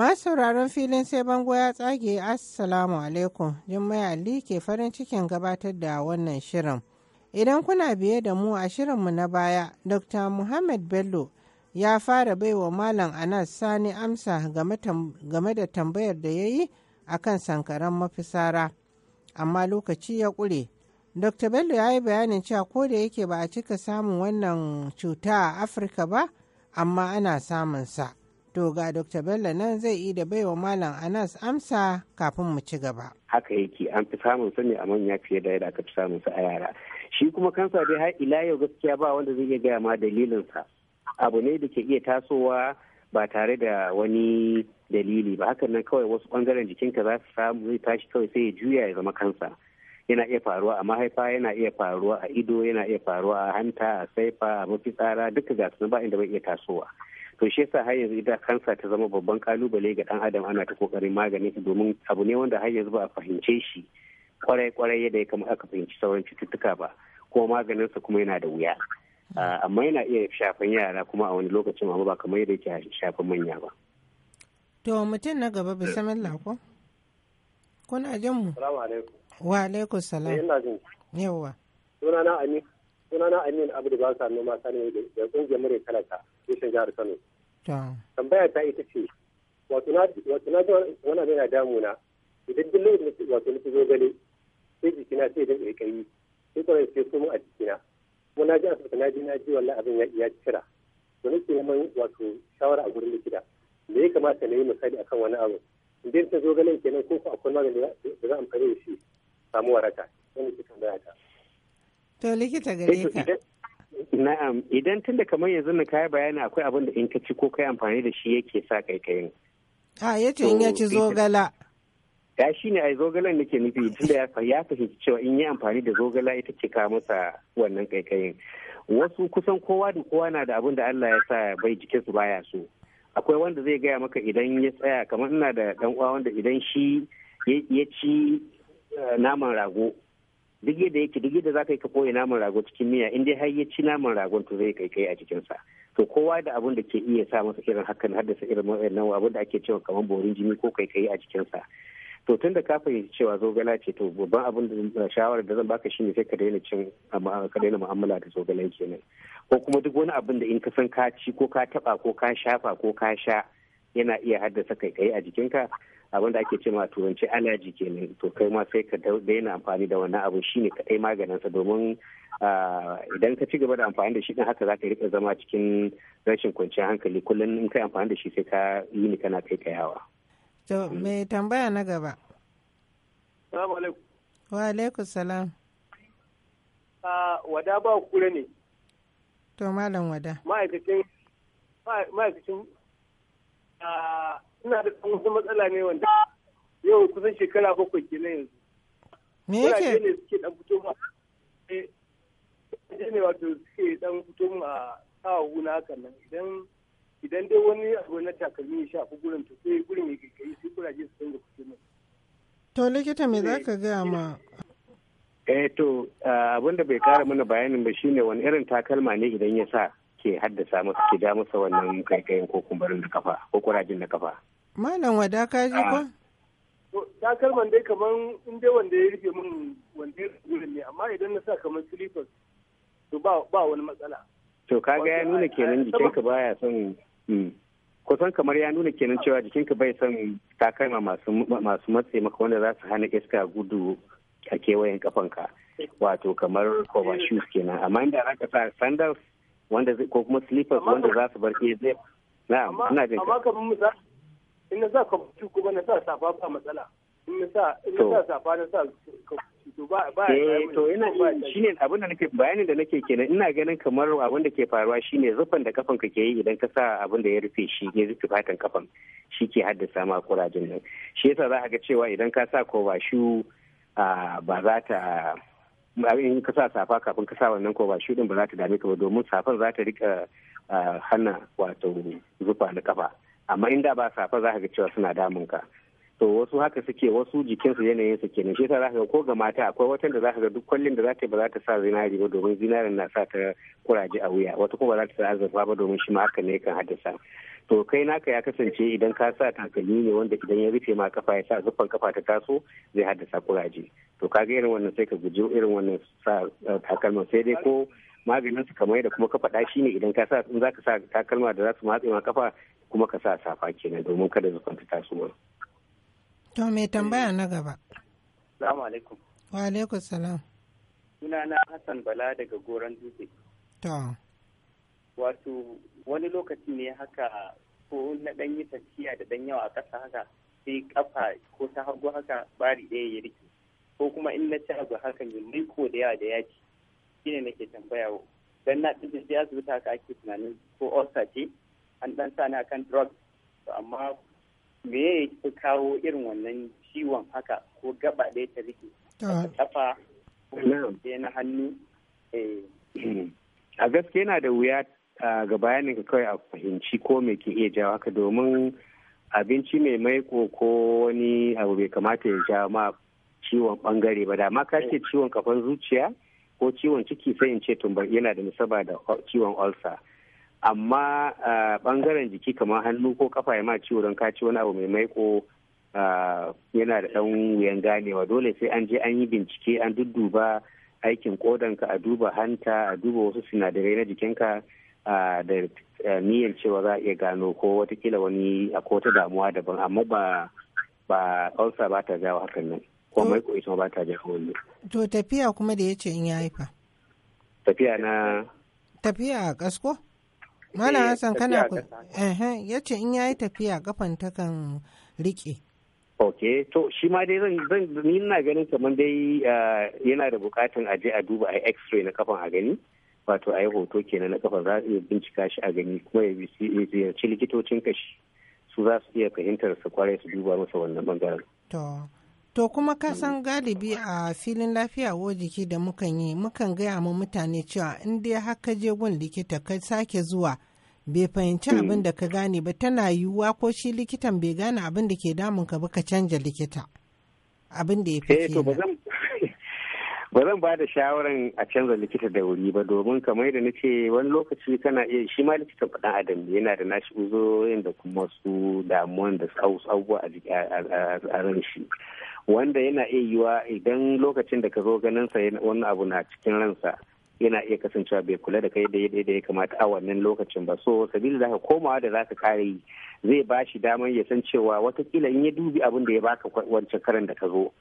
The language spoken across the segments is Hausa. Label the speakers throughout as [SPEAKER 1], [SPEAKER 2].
[SPEAKER 1] Ma sauraron filin sai bango ya tsage Assalamu alaikum Jummai Ali ke farin cikin gabatar da wannan shirin. Idan kuna biye da mu a shirinmu na baya, Dr. Muhammad Bello ya fara baiwa Malam Anas Sani amsa game da tambayar da ya yi a kan sankaran mafisara. Amma lokaci ya ƙure. Dr. Bello ya yi bayanin cewa ko da yake ba a cika samun wannan cuta a Afirka ba, amma ana samun sa. To ga Dr. Bello nan zai yi da baiwa Malam Anas amsa kafin mu ci gaba.
[SPEAKER 2] Haka yake an fi samun sani a manya fiye da yadda aka fi samun su a yara. Shi kuma kansa dai har ila yau gaskiya ba wanda zai iya gaya ma dalilin Abu ne da ke iya tasowa ba tare da wani dalili ba hakan nan kawai wasu bangaren jikinka za su samu zai tashi kawai sai ya juya ya zama kansa. yana iya faruwa a mahaifa yana iya faruwa a ido yana iya faruwa a hanta a saifa a mafitsara duka ga ba inda bai iya tasowa to shi yasa har yanzu ita kansa ta zama babban kalubale ga dan adam ana ta kokarin maganin shi domin abu ne wanda har yanzu ba a fahimce shi kwarai kwarai yadda ya kama aka fahimci sauran cututtuka ba ko maganinsa kuma yana da wuya amma yana iya shafan yara kuma a wani lokacin amma ba kamar yadda yake shafan manya ba
[SPEAKER 1] to mutum na gaba bisamillah lako kuna jin mu wa alaikum salam eh, ina jin yawa
[SPEAKER 2] sunana amin sunana amin abu da ba sa noma sanin da kungiyar mure kalata tushen jihar kano tambaya ta ita ce wato na wani abin na damuna idan duk lokacin da wato nake zo gani sai jikina sai da ƙaiƙayi sai kuma sai kuma a jikina kuma na ji a sassa na ji na ji wallahi abin ya iya cira to nake neman wato shawara a gurin likita me ya kamata na yi misali akan wani abu idan ta zo ganin kenan ko akwai magani da za a amfani da shi samu waraka wani ke tambaya ta. to likita gare ka. Eh, Na'am, idan tun da kamar yanzu na kayi bayani akwai abin da in ka ci ko kai amfani da shi yake sa kayan.
[SPEAKER 1] A ya ce in ya ci zogala.
[SPEAKER 2] Ya shi ne a zogalan da nufi tun da ya fahimci cewa in yi amfani da zogala ita ce ka masa wannan kaikayin. Wasu kusan kowa da kowa na da abin da Allah ya sa bai jikin su baya so. Akwai wanda zai gaya maka idan ya tsaya kamar ina da dan uwa wanda idan shi ya ci eh, naman rago duk yadda yake duk yadda zaka yi ka boye naman rago cikin miya in dai har ya ci naman ragon to zai kai a cikin sa to kowa da abun da ke iya sa masa irin hakan haddasa irin wannan abun da ake cewa kamar borin jini ko kai kai a cikin sa to tun da ka fahimci cewa zogala ce to babban abin da shawarar da zan baka shine sai ka daina cin ka daina mu'amala da zogalan kenan ko kuma duk wani abun da in ka san ka ci ko ka taba ko ka shafa ko ka sha yana iya haddasa kai a jikinka abin da ake ce ma turanci allergy kenan to kai ma sai ka daina amfani da wannan abu shine kadai maganinsa domin ah, idan ka ci gaba da amfani da shi din haka zaka rika zama cikin rashin kwanciyar hankali kullum in kai amfani da shi sai ka yi ni kana kai kayawa
[SPEAKER 1] to me tambaya na gaba salamu alaikum wa alaikum salam
[SPEAKER 2] ah, wada ba kure ne
[SPEAKER 1] to malam wada
[SPEAKER 2] ma'aikacin ma'aikacin ah, ina da ɗan wasu matsala ne wanda yau kusan shekara bakwai ke na yanzu. Me yake? ne suke dan fito ma. Eh, ne wato suke dan fito ma a sawa na hakan nan idan idan dai wani abu na takalmi ya shafi gurin to sai gurin ya kai sai kuraje su dinga fito mai.
[SPEAKER 1] To likita me za eh. ka gaya ma?
[SPEAKER 2] Eh to ah, abin da bai kara mana bayanin ba shine wani irin takalma ne idan ya sa ke haddasa masa ke da masa wannan kaikayin ko kumbarin da kafa ko kurajin da kafa.
[SPEAKER 1] Malam wada ka ji ko? Ah.
[SPEAKER 2] Takalman dai kamar in dai wanda ya rufe min wanda ya ne amma idan na sa kamar slippers to ba wani matsala. To kaga ya nuna kenan jikinka baya son hmm. kusan kamar ya nuna kenan cewa jikinka bai son takalma masu matse maka wanda za su hana iska gudu a kewayen kafanka wato kamar cover shoes kenan amma inda za ka sa sandals wanda ko kuma slippers wanda za su bar ke eh, zai na'am ina jin amma kamar misali in na sa kabuci kuma na sa safa ba matsala in na sa in na sa safa na sa to ba ba eh to ina shine abin da nake bayanin da nake kenan ina ganin kamar abin da ke faruwa shine zufan da kafan ka ke yi idan ka sa abin da ya rufe shi ne rufe fatan kafan shi ke haddasa ma kurajin nan shi yasa za ka ga cewa idan ka sa ko ba shu ba za ta in ka sa safa kafin ka sa wannan ko ba shi din ba za ta dame ka ba domin safar za ta rika ah, hana wato zufa na kafa amma in da ba safa za ka ga cewa suna damun ka to wasu haka suke wasu jikinsu yanayin su kenan shi yasa ga ko ga mata akwai watan da za ka ga duk kwallin da za yi ba za ta sa zinari ba domin zinarin na sa ta kuraje a wuya wata kuma ba za ta sa azurfa ba domin shi ma haka ne kan haddasa to kai naka ya kasance idan ka sa takalmi ne wanda idan ya rufe ma kafa ya sa zuffan kafa ta taso zai haddasa kuraje to ka ga irin wannan sai ka guji irin wannan sa eh, takalma sai dai ko maganin su kamar da kuma ka faɗa shi ne idan ka sa in za ka sa takalma da za su matse ma kafa kuma ka sa safa kenan domin kada zuffan ta taso
[SPEAKER 1] To mai tambaya na gaba. Salamu alaikum. Wa alaikum salam.
[SPEAKER 2] Sunana Hassan Bala daga Goron Dutse. To. Wato wani lokaci ne haka ko na ɗan yi tafiya da ɗan yawa a ƙasa haka sai ƙafa ko ta hagu haka bari ɗaya ya rike ko kuma in na ci abu haka ne mai ko da yawa da yaji shi ne nake tambaya wa dan na ɗin da asibiti haka ake tunanin ko ulcer ce an ɗan sa ni akan drugs amma me ya fi kawo irin wannan ciwon haka ko gaba ɗaya ta rike tafa sai na hannu eh. a gaske yana da wuya ga bayanin ka kawai a fahimci ko me ke iya jawo haka domin abinci mai maiko ko wani abu bai kamata ya ja ma ciwon bangare ba da ma ka ce ciwon kafan zuciya ko ciwon ciki sai in ce tumbar yana da nasaba da ciwon ulcer amma bangaren jiki kamar hannu ko kafa ya ma ciwo don kaci wani abu mai maiko yana da ɗan wuyan ganewa dole sai an je an yi bincike an dudduba aikin kodanka a duba hanta a duba wasu sinadarai na jikinka da niyyar cewa za a iya gano ko watakila wani a wata damuwa daban amma ba ba ulcer ba ta jawo hakan nan ko ko ita ba ta jawo wani.
[SPEAKER 1] To tafiya kuma da ya ce in ya haifa.
[SPEAKER 2] Tafiya na.
[SPEAKER 1] Tafiya a kasko?
[SPEAKER 2] Malam Hassan kana ku.
[SPEAKER 1] ya yace in yayi tafiya kafan kan rike.
[SPEAKER 2] ok to shi ma dai zan zan ni ina ganin kamar dai eh, yana da bukatun a je a duba a x-ray na kafan a gani wato a yi hoto kenan na kafan za iya bincika shi a gani kuma ya ziyarci likitocin kashi su za su iya fahimtar su kwarai su duba masa wannan bangaren.
[SPEAKER 1] To To kuma ka san galibi a filin lafiya wo jiki da mukan yi mukan gaya mu mutane cewa in dai haka je gun likita ka sake zuwa bai fahimci hmm. abin da ka gane ba tana yiwuwa ko shi likitan bai gane abin da ke damun ka ba ka canja likita abin da ya fi eh,
[SPEAKER 2] ba zan ba da shawaran a canza likita da wuri ba domin kamar da na ce wani lokaci kana iya shi ma likita ɗan adam yana da nashi uzo da kuma su damuwan da tsawo a ran shi wanda yana iya yiwa idan lokacin da ka zo ganin sa wani abu na cikin ransa yana iya kasancewa bai kula da kai daidai da ya kamata a wannan lokacin ba so sabili da komawa da za ka kare zai ba shi damar ya san cewa watakila in ya dubi abin da ya baka wancan karan da ka zo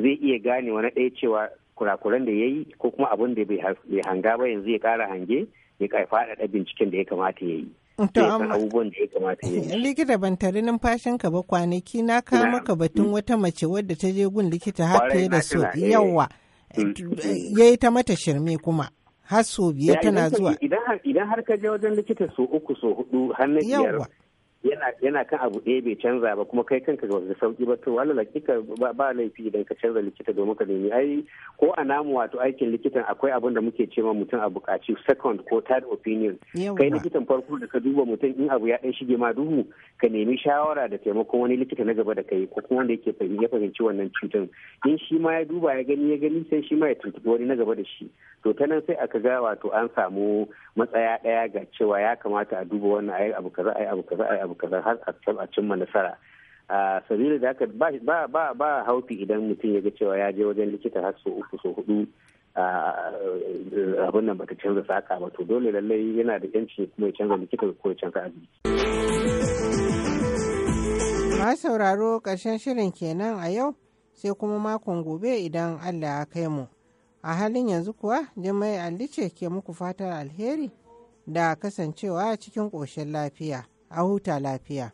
[SPEAKER 2] zai iya gane wani ɗaya cewa kurakuran da ya yi ko kuma abin da bai hanga ba yanzu ya kara hange ya kai faɗaɗa binciken da ya kamata ya yi. To abubuwan da ya kamata ya yi.
[SPEAKER 1] Likita ban tare numfashinka ba kwanaki na kama maka batun wata mace wadda ta je gun likita har ta yi da so eh. yawa mm. ya yi ta mata shirme kuma. Har so biyar tana zuwa.
[SPEAKER 2] Idan har ka je wajen likita so uku so hudu har na biyar. yana kan abu ɗaya bai canza ba kuma kai kanka ba sauki ba to wala lakika ba laifi idan ka canza likita domin ka nemi ai ko a namu wato aikin likitan akwai abin da muke cewa mutum a bukaci second ko third opinion kai likitan farko da ka duba mutum in abu ya ɗan shige ma duhu ka nemi shawara da taimakon wani likita na gaba da kai ko kuma wanda yake ya fahimci wannan cutan in shi ma ya duba ya gani ya gani sai shi ma ya tuntuɓi wani na gaba da shi to ta nan sai aka ga wato an samu matsaya ɗaya ga cewa ya kamata a duba wannan ayi abu kaza ayi abu kaza ayi abu kaza har a cimma nasara a sabili da haka ba ba ba hauti idan mutum ya ga cewa ya je wajen likita har so uku so hudu abin nan bata canza saka ba to dole lallai yana da yanci kuma ya canza likita ko ya canza asibiti
[SPEAKER 1] ma sauraro ƙarshen shirin kenan a yau sai kuma makon gobe idan Allah ya kai mu. A halin yanzu kuwa Jami'ai Alice ce ke muku fatar alheri da kasancewa cikin ƙoshin lafiya. a huta lafiya.